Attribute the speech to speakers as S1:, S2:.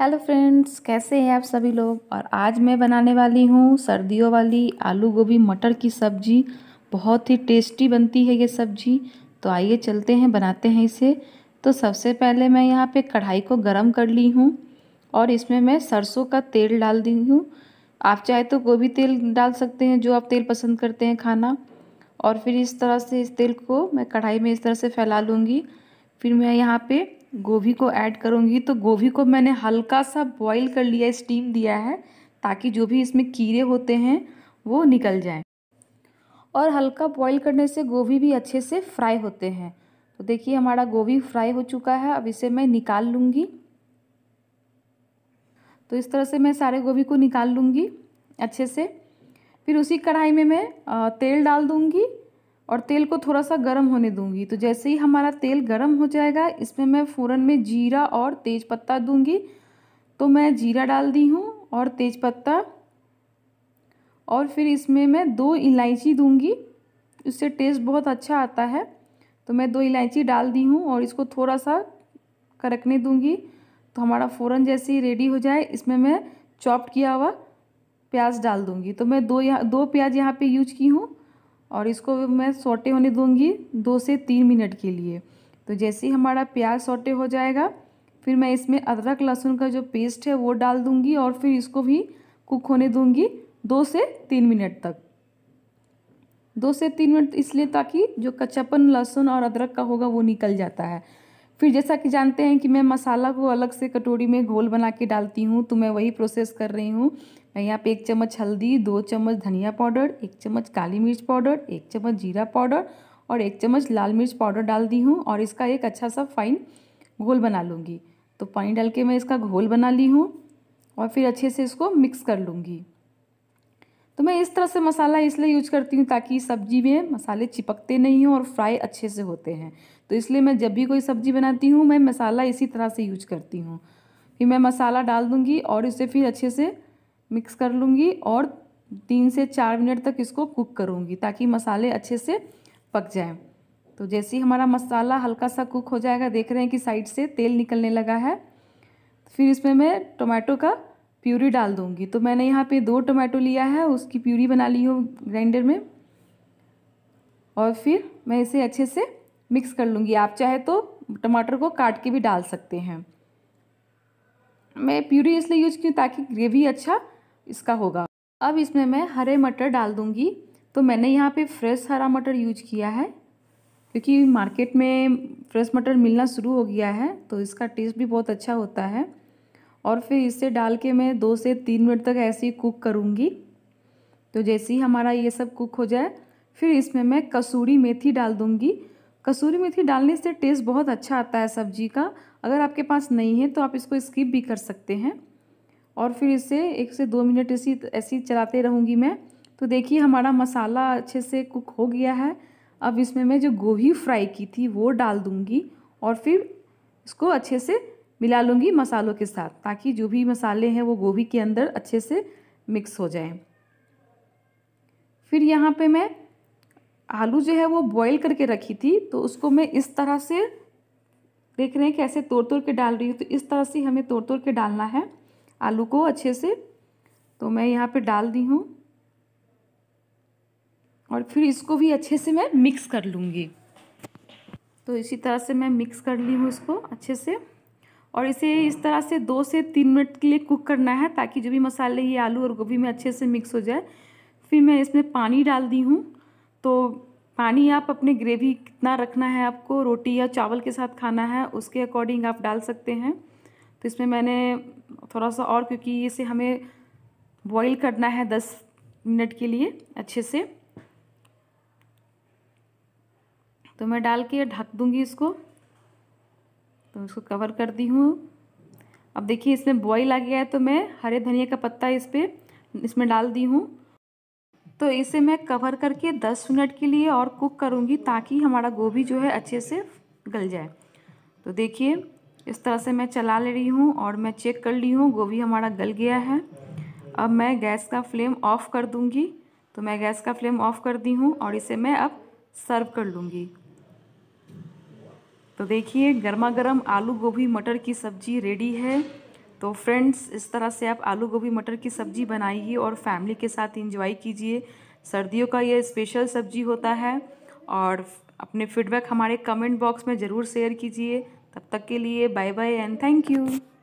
S1: hello friends कैसे हैं आप सभी लोग और आज मैं बनाने वाली हूँ सर्दियों वाली आलू गोभी मटर की सब्ज़ी बहुत ही टेस्टी बनती है ये सब्ज़ी तो आइए चलते हैं बनाते हैं इसे तो सबसे पहले मैं यहाँ पे कढ़ाई को गरम कर ली हूँ और इसमें मैं सरसों का तेल डाल दी हूँ आप चाहे तो गोभी तेल डाल सकते हैं जो आप तेल पसंद करते हैं खाना और फिर इस तरह से इस तेल को मैं कढ़ाई में इस तरह से फैला लूँगी फिर मैं यहाँ पर गोभी को ऐड करूँगी तो गोभी को मैंने हल्का सा बॉईल कर लिया स्टीम दिया है ताकि जो भी इसमें कीड़े होते हैं वो निकल जाएं और हल्का बॉईल करने से गोभी भी अच्छे से फ्राई होते हैं तो देखिए हमारा गोभी फ्राई हो चुका है अब इसे मैं निकाल लूँगी तो इस तरह से मैं सारे गोभी को निकाल लूँगी अच्छे से फिर उसी कढ़ाई में मैं तेल डाल दूँगी और तेल को थोड़ा सा गर्म होने दूंगी तो जैसे ही हमारा तेल गर्म हो जाएगा इसमें मैं फ़ौरन में जीरा और तेज़पत्ता दूंगी तो मैं जीरा डाल दी हूँ और तेज़पत्ता और फिर इसमें मैं दो इलायची दूंगी इससे टेस्ट बहुत अच्छा आता है तो मैं दो इलायची डाल दी हूँ और इसको थोड़ा सा करकने दूँगी तो हमारा फ़ौरन जैसे ही रेडी हो जाए इसमें मैं चॉप्ट किया हुआ प्याज डाल दूँगी तो मैं दो यहाँ दो प्याज यहाँ पे यूज की हूँ और इसको मैं सोटे होने दूंगी दो से तीन मिनट के लिए तो जैसे ही हमारा प्याज सोटे हो जाएगा फिर मैं इसमें अदरक लहसुन का जो पेस्ट है वो डाल दूंगी और फिर इसको भी कुक होने दूंगी दो से तीन मिनट तक दो से तीन मिनट इसलिए ताकि जो कच्चापन लहसुन और अदरक का होगा वो निकल जाता है फिर जैसा कि जानते हैं कि मैं मसाला को अलग से कटोरी में घोल बना के डालती हूँ तो मैं वही प्रोसेस कर रही हूँ यहाँ पे एक चम्मच हल्दी दो चम्मच धनिया पाउडर एक चम्मच काली मिर्च पाउडर एक चम्मच जीरा पाउडर और एक चम्मच लाल मिर्च पाउडर डाल दी हूँ और इसका एक अच्छा सा फाइन घोल बना लूँगी तो पानी डाल के मैं इसका घोल बना ली हूँ और फिर अच्छे से इसको मिक्स कर लूँगी तो मैं इस तरह से मसाला इसलिए यूज करती हूँ ताकि सब्जी में मसाले चिपकते नहीं हों और फ्राई अच्छे से होते हैं तो इसलिए मैं जब भी कोई सब्जी बनाती हूँ मैं मसाला इसी तरह से यूज करती हूँ फिर मैं मसाला डाल दूँगी और इसे फिर अच्छे से मिक्स कर लूँगी और तीन से चार मिनट तक इसको कुक करूँगी ताकि मसाले अच्छे से पक जाए तो जैसे ही हमारा मसाला हल्का सा कुक हो जाएगा देख रहे हैं कि साइड से तेल निकलने लगा है फिर इसमें मैं टोमेटो का प्यूरी डाल दूँगी तो मैंने यहाँ पे दो टोमेटो लिया है उसकी प्यूरी बना ली हूँ ग्राइंडर में और फिर मैं इसे अच्छे से मिक्स कर लूँगी आप चाहे तो टमाटर को काट के भी डाल सकते हैं मैं प्यूरी इसलिए यूज़ की ताकि ग्रेवी अच्छा इसका होगा अब इसमें मैं हरे मटर डाल दूँगी तो मैंने यहाँ पे फ्रेश हरा मटर यूज किया है क्योंकि मार्केट में फ्रेश मटर मिलना शुरू हो गया है तो इसका टेस्ट भी बहुत अच्छा होता है और फिर इसे डाल के मैं दो से तीन मिनट तक ऐसे ही कुक करूँगी तो जैसे ही हमारा ये सब कुक हो जाए फिर इसमें मैं कसूरी मेथी डाल दूँगी कसूरी मेथी डालने से टेस्ट बहुत अच्छा आता है सब्जी का अगर आपके पास नहीं है तो आप इसको स्किप भी कर सकते हैं और फिर इसे एक से दो मिनट इसी ऐसी चलाते रहूँगी मैं तो देखिए हमारा मसाला अच्छे से कुक हो गया है अब इसमें मैं जो गोभी फ्राई की थी वो डाल दूँगी और फिर इसको अच्छे से मिला लूँगी मसालों के साथ ताकि जो भी मसाले हैं वो गोभी के अंदर अच्छे से मिक्स हो जाए फिर यहाँ पे मैं आलू जो है वो बॉईल करके रखी थी तो उसको मैं इस तरह से देख रहे हैं कैसे तोड़ तोड़ के डाल रही हूँ तो इस तरह से हमें तोड़ तोड़ के डालना है आलू को अच्छे से तो मैं यहाँ पे डाल दी हूँ और फिर इसको भी अच्छे से मैं मिक्स कर लूँगी तो इसी तरह से मैं मिक्स कर ली हूँ इसको अच्छे से और इसे इस तरह से दो से तीन मिनट के लिए कुक करना है ताकि जो भी मसाले ये आलू और गोभी में अच्छे से मिक्स हो जाए फिर मैं इसमें पानी डाल दी हूँ तो पानी आप अपने ग्रेवी कितना रखना है आपको रोटी या चावल के साथ खाना है उसके अकॉर्डिंग आप डाल सकते हैं तो इसमें मैंने थोड़ा सा और क्योंकि इसे हमें बॉईल करना है दस मिनट के लिए अच्छे से तो मैं डाल के ढक दूंगी इसको तो इसको कवर कर दी हूँ अब देखिए इसमें बॉईल आ गया है तो मैं हरे धनिया का पत्ता इस पर इसमें डाल दी हूँ तो इसे मैं कवर करके दस मिनट के लिए और कुक करूँगी ताकि हमारा गोभी जो है अच्छे से गल जाए तो देखिए इस तरह से मैं चला ले रही हूँ और मैं चेक कर ली हूँ गोभी हमारा गल गया है अब मैं गैस का फ्लेम ऑफ़ कर दूँगी तो मैं गैस का फ्लेम ऑफ़ कर दी हूँ और इसे मैं अब सर्व कर लूँगी तो देखिए गर्मा गर्म आलू गोभी मटर की सब्ज़ी रेडी है तो फ्रेंड्स इस तरह से आप आलू गोभी मटर की सब्ज़ी बनाइए और फैमिली के साथ इंजॉय कीजिए सर्दियों का ये स्पेशल सब्जी होता है और अपने फीडबैक हमारे कमेंट बॉक्स में ज़रूर शेयर कीजिए तब तक के लिए bye bye and thank you